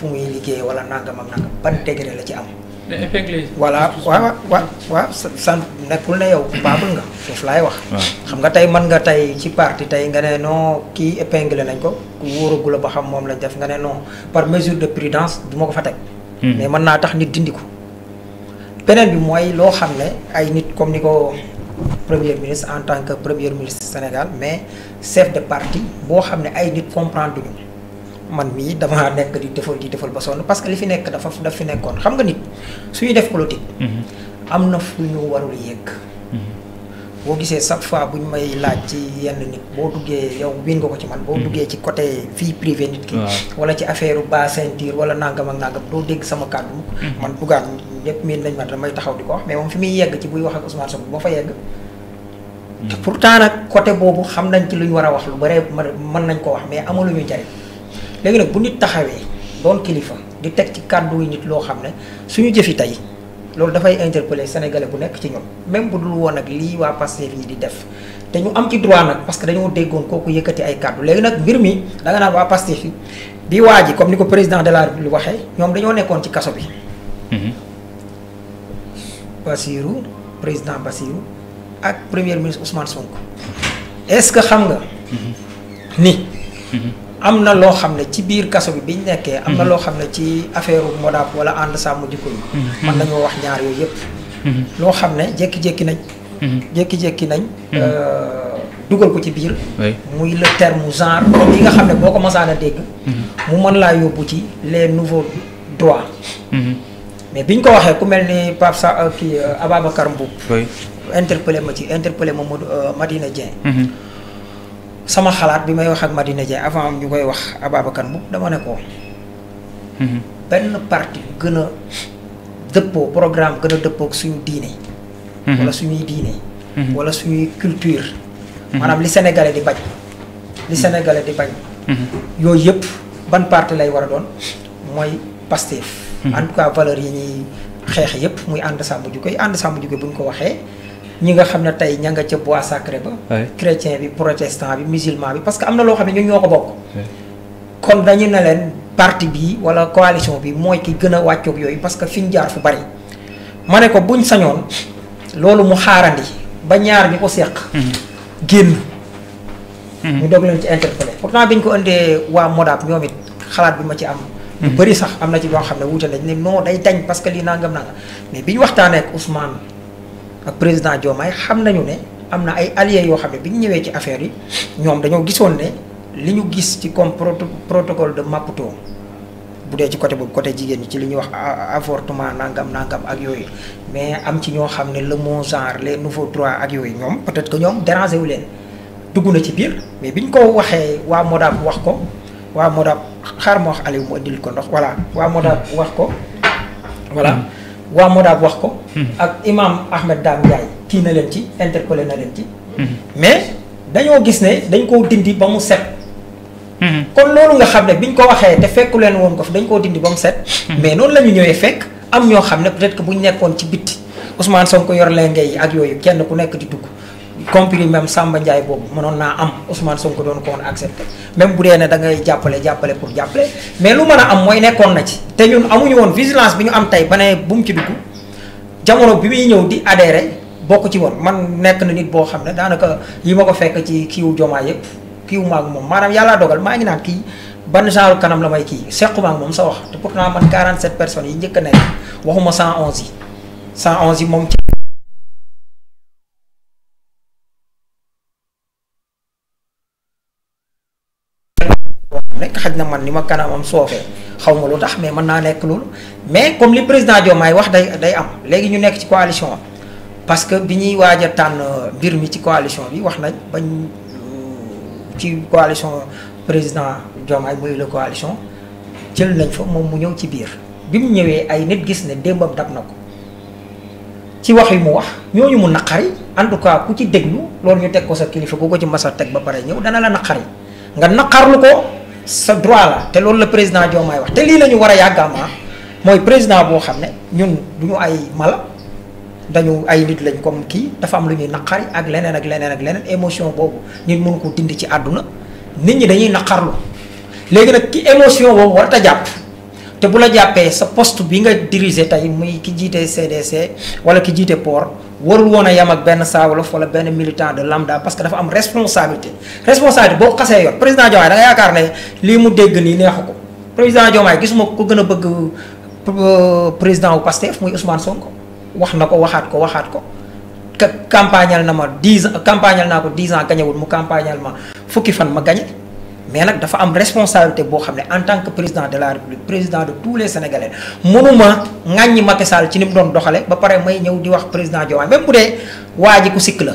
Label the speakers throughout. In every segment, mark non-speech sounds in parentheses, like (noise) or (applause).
Speaker 1: fu muy liggéey wala nangam ak nangam ban degré la ci am. voilà waaw waaw waaw san nekkul ne yow baabul nga foofu laay wax xam nga tey mën nga tey ci parti tey nga ne noo kii épinglé nañ ko ku wóoragula ba xam moom lañ def nga ne non par mesure de prudence du ma ko fa teg hmm. mais mën naa tax nit dindi ko beneen bi mooy loo xam ne ay nit comme ni ko premier ministre en tant que premier ministre Sénégal mais chef de parti boo xam ne ay nit comprendre man mii damaa nekk di defal di defal ba sonn parce que li fi nekk dafa daf fi nekkoon xam nga nit suñu def politique. Mhm. am na fu ñu warul yegg. Mhm. boo gisee chaque fois bu ñu may laaj ci yenn nit boo duggee yow biin nga ko ci man. boo mhm. duggee ci côté vie privée nit ki. wala ci affaire bas ceinture wala nangam ak nangam doo dégg sama kàddu. man buggaan ñëpp miin nañ ma damay taxaw di ko wax mais moom fi muy yegg ci buy wax ak Ousmane Sonko boo fa yegg. te pourtant nag côté boobu xam nañ ci lu war a wax lu bare mën nañ ko wax mais amaluñu njariñ. léegi nag bu nit taxawee doon kilifa di teg ci kàddu yi nit loo xam ne suñu jëfi tey loolu dafay interpeller sénégalais bu nekk ci ñoom même bu dul woon ak lii waa Pastef fii di def te ñu am ci droit nag parce que dañoo déggoon kooku yëkkati ay kàddu léegi nag mbir mi da nga naan waa Pastef yi bi waa ji comme ni ko président de la République waxee ñoom dañoo nekkoon ci kaso bi. Mhm. Bassirou président Bassirou ak premier ministre Ousmane Sonko est-ce que xam nga. Mhm. ni. Mhm. am na loo xam ne ci biir kaso bi ñu nekkee. am na mhm. loo xam ne ci affaire Modap wala ànd sàmm jikko yi. mën mhm. mhm. nañoo wax ñaar yooyu yëpp. loo xam ne jékki-jékki nañ. jékki-jékki nañ. Euh, dugal ko ci biir. muy le terme genre comme nga xam ne boo ko masaana dégg. mu mën laa yóbbu ci les nouveau droits. mais biñ ko waxee ku mel ni Pape Sa euh, kii euh, Ababacar Mboup. interpellé ma ci interpellé ma Madina Dieng. sama xalaat bi may wax ak Madina Dia avant ñu koy wax Ababacar Mboup dama ne ko mhm. benn parti gën a dëppoo programme gën a dëppoo ak suñu diine mhm. wala suñuy diine mhm. wala suñuy culture maanaam li sénégalais di bañ li sénégalais di bañ yooyu yëpp ban parti lay war a doon mooy Pastef en tout cas valeurs yi ñuy xeex yëpp muy ànd sàmm jikko koy ànd sàmm jikko bu ñu ko waxee ñi nga xam ne tey ña nga ca bois sacré ba. chrétien bi protestant bi musulman bi parce que am na loo xam ne ñun ñoo ko bokk. kon dañu ne leen parti bi wala coalition bi mooy ki gën a wàccoog yooyu parce que fi ñu jaar fu bari. ma ne ko buñ sañoon loolu mu xaarandi ba ñaar ñi ko seq. Mhm. génn. Mhm. ñu dog leen ci interpellé bi biñ ko indee waa Modap ñoom it xalaat bi ma ci am. ñu mhm. bari sax am na ci loo xam ne wuute nañ ne non day dañ parce que lii nangam nangam mais biñ waxtaanee ak ak président Diomaye xam nañu ne am na ay alliés yoo xam ne bi ñu ñëwee ci affaire yi ñoom dañoo gisoon ne li ñu gis ci comme protocole de Maputo bu dee ci côté boobu côté jigéen ñi ci li ñuy wax avortement nangam nangam ak yooyu mais am ci ñoo xam ne le mot genre les nouveaux droits ak yooyu ñoom peut-être que ñoom dérangé wu leen duggu na ci biir mais bi ñu ko waxee waa Modab wax ko waa Modab xaar ma wax Aliou mu indil ko ndox voilà waa Modab wax ko voilà. waa Modaab wax ko. Hmm. ak imaam Ahmed Dame Ndiaye kii na leen ci interpellé na leen ci. Hmm. mais dañoo gis ne dañ koo dindi ba mu set. Hmm. kon loolu nga xam ne biñ ko waxee te fekku leen woon ko fi dañ koo dindi ba mu set. mais noonu la ñu ñëwee fekk am ñoo xam ne peut-être que ñu nekkoon ci bitti Ousmane ko yor leen ngay ak yooyu kenn ku nekk di dugg. compris même Samba Ndiaye boobu mënoon naa am Ousmane ko doon ko woon accepté même bu dee ne da jàppale jàppale pour jàppale mais lu man a am mooy nekkoon na ci te ñun amuñu woon vigilance bi ñu am tey ba ne bu mu ci dugg jamono bi muy ñëw di adhéré bokk ci woon man nekk na nit boo xam ne daanaka yi ma ko fekk ci kiiwu jomaa yëpp kiiwu maag moom maanaam yàllaa dogal maa ngi naan kii ban genre kanam la may kii sequmaag moom sa wax te pourtant man 47 personnes yi njëkk a nekk waxuma 111 yi 111 yi moom ci nekk xaj na man ni ma kanamam soofee xaw ma lu tax mais mën naa nekk loolu mais comme li président Diomaye wax day day am léegi ñu nekk ci coalition parce que bi ñuy waaj a tànn euh, mbir mi ci coalition bi wax nañ bañ euh, ci coalition président Diomaye muy la jël nañ fa moom mu ñëw ci biir bi mu ñëwee ay nit gis ne démbam dab na ko ci wax yi mu wax ñooñu mu naqari en tout cas ku ci déglu loolu ñu teg ko sa kilifa ku ko ci masa teg ba pare ñëw dana la naqari nga naqarlu ko sa droit la te loolu la président Diomaye wax te lii la ñu war a yàggaama ah, mooy président boo xam ne ñun du ñu ay mala dañu ay nit lañ comme kii dafa am lu ñuy naqari ak leneen ak leneen ak leneen émotion boobu nit mënu ko dindi ci àdduna nit ñi dañuy naqarlu léegi nag ki émotion boobu war a jàpp. te bu la jàppee sa poste bi nga diriger tey muy ki jiite CDC wala ki jiite port warul woon a yem ak benn saawolof wala benn militant de lambda parce que dafa am responsabilité responsabilité boo xasee yor président Diomaye da nga yaakaar ne lii mu dégg nii neexu ko président Diomaye gisuma ko gën a bëgg euh, président wu Pastef muy Ousmane Sonko wax na ko waxaat ko waxaat ko campagnal na ma dix ans campagnal naa ko dix ans gañewul mu campagnal ma fukki fan ma gañe mais nag dafa am responsabilité boo xam ne en tant que président de la république président de tous les sénégalais mënuma ŋàññi Macky Sall ci ni mu doon doxale ba pare may ñëw di wax président Diomaye même bu dee waa ku sikk la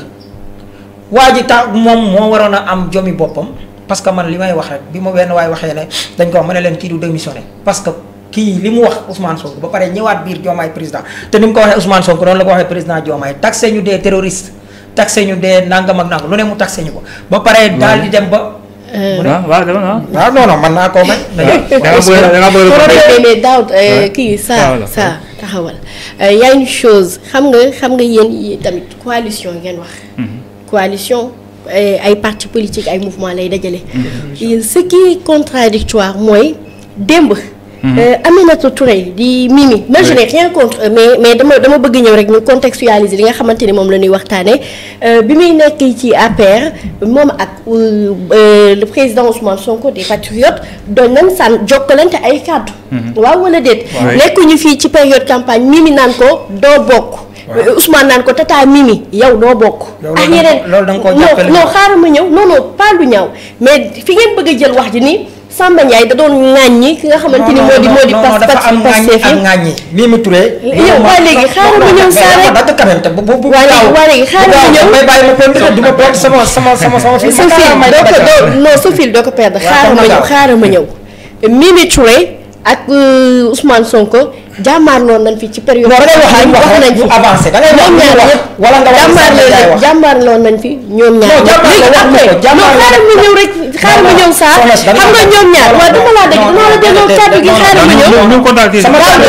Speaker 1: waa ji ta moom moo waroon a am jomi boppam parce que man li may wax rek bi ma wenn waay waxee ne dañ ko wax ma leen kii du démissionné parce que kii li mu wax Ousmane Sonko ba pare ñëwaat biir Diomaye président te ni mu ko waxee Ousmane Sonko noonu la ko waxee président Diomaye taxé ñu des terroristes taxé ñu des nangam ak nangam lu ne mu taxé ñu ko ba pare daal di ba ah waaw naa koo may. kii saa saa
Speaker 2: taxawal yaa une chose xam nga xam nga yéen tamit coalition ngeen wax. coalition mhm. eh, ay parti politique ay mouvement lay dajale. Mhm. ce qui contradictoire mooy démb. Mhm. Euh, Aminata Touré di Mimi. moi je n'ai rien contre mais mais dama dama bëgg ñëw rek ñu contextualiser li nga xamante ni moom la ñuy waxtaanee euh, bi muy nekk ci APR moom ak euh, le président Ousmane Sonko des Patriotes doon nañ sàn jokkalante ay kàddu. Mhm. waaw wala déet. nekkuñu fii ci période campagne Mimi naan ko doo bokk. waaw naan ko tata Mimi yow doo bokk. ak yeneen loolu da nga koo xaaral ma ñëw non non pas lu ñaaw mais fi ngeen bëgg a jël wax ji nii. Samba Ndiaye da doon ŋàññi ki nga xamante ni moo di moo di. pas pas Pastef yi non
Speaker 1: non dafa yow waa léegi xaaral ma ñëw saa rek dama dama dama bu bu waa léegi xaaral ma ñëw bu ma continuer du ma perdre sama
Speaker 2: ko perdre. xaaral ma ñëw xaaral ma ñëw. Mimi Touré ak euh, nañ fi ci période. wax nañ fi avancé da ngay wax wala nga wax nañ fi ñoom ñaar léegi après non xaaral ma ñëw rek. xaaral ma ñëw saa xam nga ñoom ñaar waaw dama laa dégg dama la delloo kàddu gi xaaral ma ñëw ñu ko daal sama xam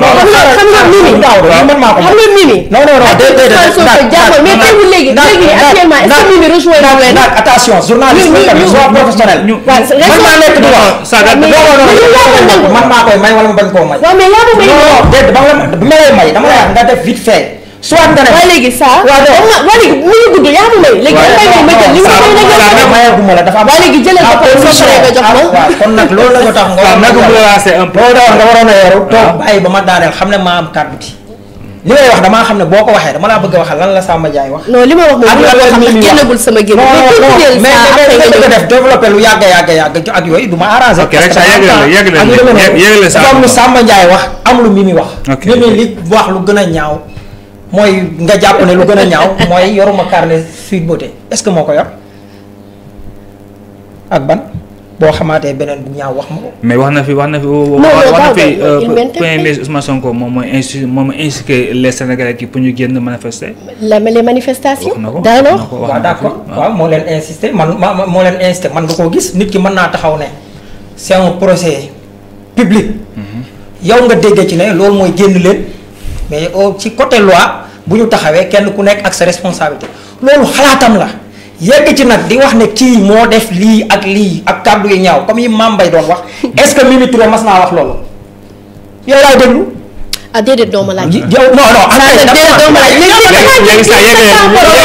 Speaker 2: nga xam nga mimi xam nga mimi non non non déedéet jàppal mais teewul léegi léegi nii actuellement est-ce que mimi rejoindre leen nag attention journaliste soit professionnel man maa nekk di wax man maa koy may
Speaker 1: wala ma bañ koo may waaw mais yaa ma may déedéet ba nga may may dama lay wax nga def vite fait soit dara waaye léegi saa. waaw waaw waaye léegi mu ngi gudd yaa ma may. léegi da dafa am waaye léegi jëlal ko kon soo ma. nag loolu la ko tax nga. nag mu la lancé un a yoru toog bàyyi ba ma xam ne maa am kàddu gi. damaa xam ne boo ko waxee dama bëgg a lan la Samba Ndiaye wax. non li ma wax sama génn. def développé lu yàgg yàgg yàgg ak yooyu du ma arrangé. ok rek yëg la yëg la wax am lu mi mi wax. ok mi li wax lu gën a ñaaw mooy nga jàpp ne lu gën a ñaaw mooy yoruma carnet Sweet Beauté est-ce que moo ko yor ak ban boo xamaatee beneen bu ñaaw wax ma
Speaker 2: mais wax na fi wax na fi. non non premier euh, ministre
Speaker 1: Ousmane Sonko moom mooy insi moom insiqué les Sénégalais kii pour ñu génn manifester.
Speaker 2: la les manifestations. d'accord waaw d'accord
Speaker 1: waaw moo leen insister man moo leen insister man nga koo gis nit ki mën naa taxaw ne c'est un procès mhm. yow nga déggee ci ne loolu mooy génn leen. mais au ci côté loi bu ñu taxawee kenn ku nekk ak sa responsabilité loolu xalaatam la yegg ci nag di wax ne kii moo def lii ak lii ak kàddu yi ñaaw comme yi maam Mbaye doon wax est-ce que Mimi mas naa wax loolu yow laay déglu.
Speaker 2: ak déedéet doo ma laaj. non non.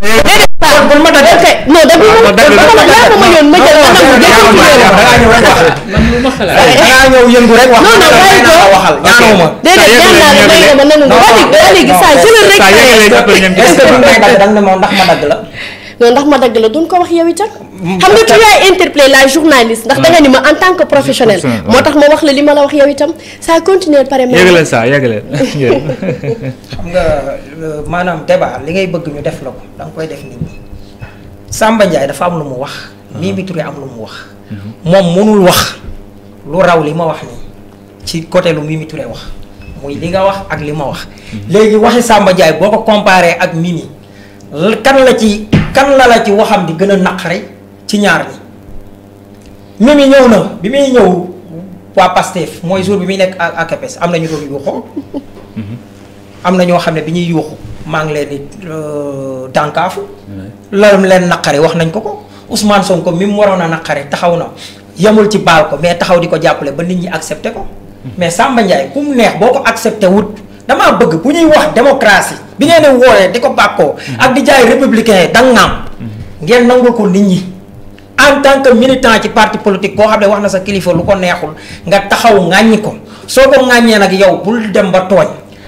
Speaker 2: kon ma tàggee da nga ma yoon ma jël ma nangu
Speaker 1: ma yoon. da ngaa ñëw rek waxal. ma xalaat. da ngaa ñëw yëngu rek waxal. non non bàyyi ko waxal. ñaanu ma déedéet ñaan naa la may na ma nangu ba léegi ba léegi saa jëlal ndax ma la.
Speaker 2: yow ndax ma dagg la duñ ko wax yow itam. xam nga tu as interpellé la ndax danga ni ma en tant que professionnel. moo tax ma wax la li ma la wax yow itam ça continue pare. yëgale saa yëgale. (laughs) xam nga
Speaker 1: euh, maanaam débat li ngay bëgg ñu def la ko da koy def nit ñi Samba Ndiaye dafa am lu mu wax. Mimi ah. Touré am lu mu wax. moom mënul wax lu raw li ma wax nii ci côté lu Mimi Touré wax muy li nga wax ak li ma wax. Mm-hmm. léegi waxi sàmba Ndiaye boo ko ak Mimi kan kan la la ci waxam di gën a naqari ci ñaar ñi Mimi ñëw na bi muy ñëw waa Pastef mooy jour bi muy nekk ak AKPES am na ñu doon yuuxu mhm. am na ñoo xam ne bi ñuy yuuxu maa ngi leen di dànkaafu euh, loolu mu leen naqari wax nañ ko ko Ousmane Sonko mi mu waroon a naqari taxaw na yemul ci baal ko mais taxaw di ko jàppale ba nit ñi accepté ko mhm. mais Samba Ndiaye ku mu neex boo ko accepté wut damaa bëgg bu ñuy wax démocratie bi ngeen di woolee di ko bàkkoo ak di jaay républicain da ngaam ngeen nangul ko nit ñi en tant que militant ci parti politique koo xam ne wax na sa kilifa lu ko neexul nga taxaw ŋàññi ko soo ko ŋàññee nag yow bul dem ba tooñ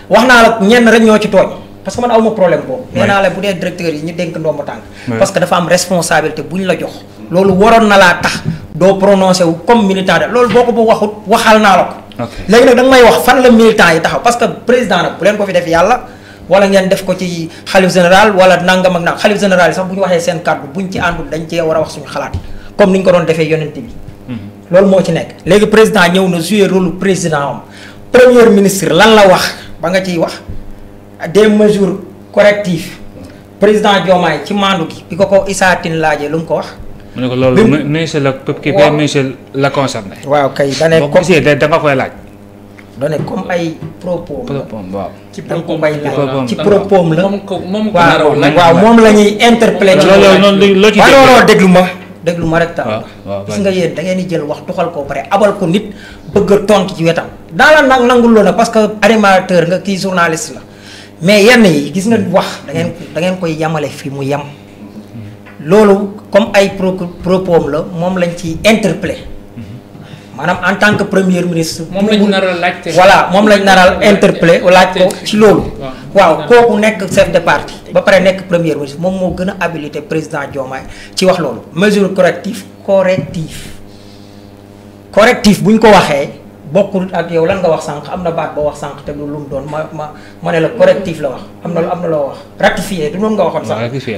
Speaker 1: wax naa la ñenn rek ñoo ci tooñ parce que man awma problème boobu nee naa la bu dee directeur yi ñu dénk ndomba tànk parce que dafa am responsabilité bu ñu la jox loolu waroon na laa tax doo prononcé wu comme militant loolu boo ko bu waxut waxal naa la léegi nag da nga may wax fan la militant yi taxaw parce que président nag bu leen ko fi def yàlla wala ngeen def ko ci xalif général wala nanga ak nangam xalif général yi sax bu ñu waxee seen kàddu buñ ci àndul dañ cee war a wax suñu xalaat comme ni ñu ko doon defee yonent bi mhm. loolu moo ci nekk léegi président ñëw na joué rôle président am premier ministre lan la wax ba nga ciy wax des mesures correctives président Diomaye ci maandu gi bi ko ko Issa Tine laajee mu ko wax mu ne ko loolu ministre la kii benn ministre la concerné. waaw kay da ne comme monsieur da nga koy laaj. da ne comme ay propos. propos waaw ci propos la ci propos la. moom waaw moom la ñuy interpellé. loolu noonu loo ci déglu ma. déglu ma rek tam gis nga yéen da ngeen di jël wax tuxal ko pare abal ko nit bëgg a tonk ci wetam. daala nag nangul loo na parce que animateur nga kii journaliste la mais yenn yi gis nga wax da ngeen da ngeen koy yamale fi mu yem. loolu comme ay pro propos la moom lañ ci interpellé mhm. maanaam en tant que premier ministre. moom lañ nar
Speaker 2: a laajte voilà moom lañ nar a interpellé
Speaker 1: laaj ko ci loolu. waaw kooku nekk chef de parti. ba pare nekk premier ministre moom moo gën a habilité président Diomaye ci wax loolu. mesure corrective corrective correctif bu ñu ko waxee bokkul ak yow lan nga wax sànq am na baat boo wax sànq te lu mu doon ma ma ma la correctif la wax am na am na loo wax ratifié du noonu nga waxoon sax. waaw ratifié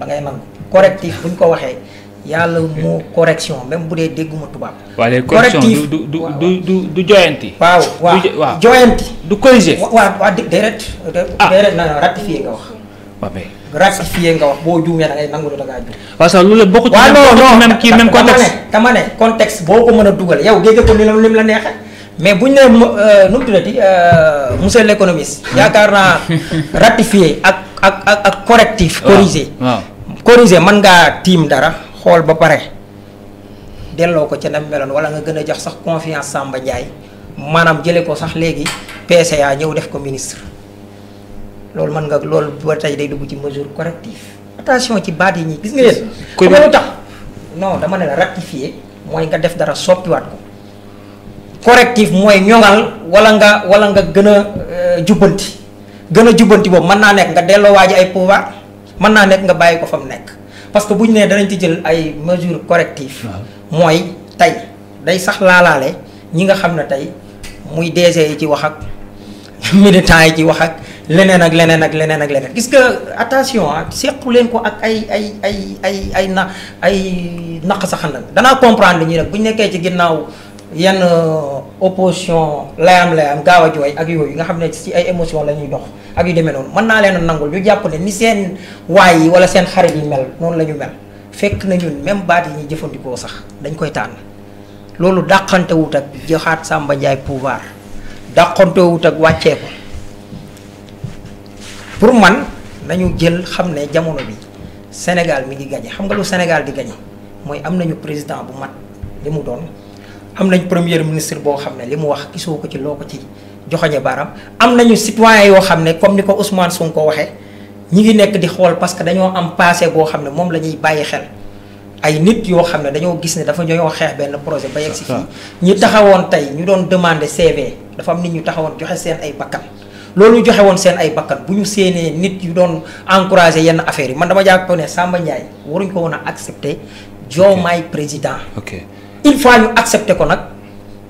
Speaker 1: da ngay nangu correctif bu ñu ko waxee yàlla moo correction même bu dee dégguma tubaab. correctif du du du du du joyanti. waaw waaw joyanti. du corriger waaw waaw déedéet. ah déedéet non non ratifié nga wax. waaw mais. ratifié nga wax boo juumee da ngay nangu da ngaa juum. waaw sax loolu la bokku ci même kii même contexte dama ne contexte boo ko mën a dugal yow dégg ko ni la lim la neexee. mais bu ñu nee euh, nu mu tuddati euh, monsieur l' économiste. yaakaar naa (laughs) ratifié ak. ak ak ak correctif. corriger corriger mën ngaa tiim dara xool ba pare delloo ko ca nam meloon wala nga gën a jox sax confiance Samba Ndiaye maanaam jëlee ko sax léegi PCA ñëw def ko ministre loolu mën nga loolu ba tey day dugg ci mesure corrective attention ci baat yi ñi gis nga leen. ko lu tax non dama ne la mooy nga def dara soppiwaat ko. correctif mooy ñoŋal wala nga wala nga gën a euh, jubbanti. gën a jubbanti boobu mën naa nekk nga delloo waa ay pouvoir mën naa nekk nga bàyyi ko fa mu nekk parce que bu ñu nee danañ ci jël ay mesures correctives. mooy tey day sax laalaale ñi nga xam ne tey muy DG yi ci wax ak (laughs) militants yi ci wax ak leneen ak leneen ak leneen ak leneen. gis nga attention ah sequ leen ko ak ay ay ay ay ay na ay naq sa xandal danaa comprendre li ñuy nag bu ñu nekkee ci ginnaaw. yenn euh, opposition layam layam gaaw a jooy ak yooyu nga xam ne ci ay émotion la ñuy dox ak yu demee noonu mën naa leen a nangul ñu jàpp ne ni seen waay yi wala seen xarit yi mel noonu la ñu mel fekk na ñun même baat yi ñuy jëfandikoo sax dañ koy tànn loolu dàqantewut ak joxaat Samba Ndiaye pouvoir dàqantewut ak wàcceeku pour man nañu jël xam ne jamono bi Sénégal mi ngi gañe xam nga lu Sénégal di gañe mooy am nañu président bu mat li mu doon am nañ première ministre boo xam ne li mu wax gisoo ko ci loo ko ci joxoñe baaraam am nañu citoyen yoo xam ne comme ni ko Ousmane ko waxee ñi ngi nekk di xool parce que dañoo am passé boo xam ne moom la ñuy bàyyi xel ay nit yoo xam ne dañoo gis ne dafa ñoo xeex benn projet ba yegg si fii ñi taxawoon tey ñu doon demandé CV dafa am nit ñu taxawoon joxe seen ay bakkan loolu joxe woon seen ay bakkan bu ñu séenee nit yu doon encouragé yenn affaires yi man dama jàpp ne Samba Ndiaye waruñ ko woon a accepté Diomaye président ko nag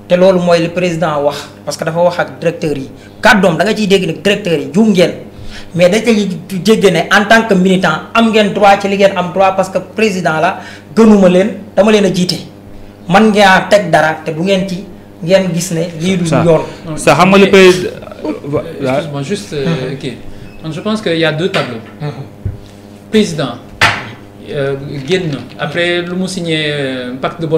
Speaker 1: te loolu mooy li président wax parce que dafa wax ak directeur yi kàddoom da nga ciy dégg ne directeur yi juum ngeen mais da ciy dégg ne en tant que militant am ngeen droit ci li ngeen am droit parce que président la gënuma leen dama leen a jiite man ngaa teg dara te bu ngeen ci ngeen gis ne lii du yoon sa xam nga le président excuse-moi juste kii euh, man mm-hmm. pense que y a deux tableaux mm-hmm. président euh, génn après lu mu signé euh, pacte de bonne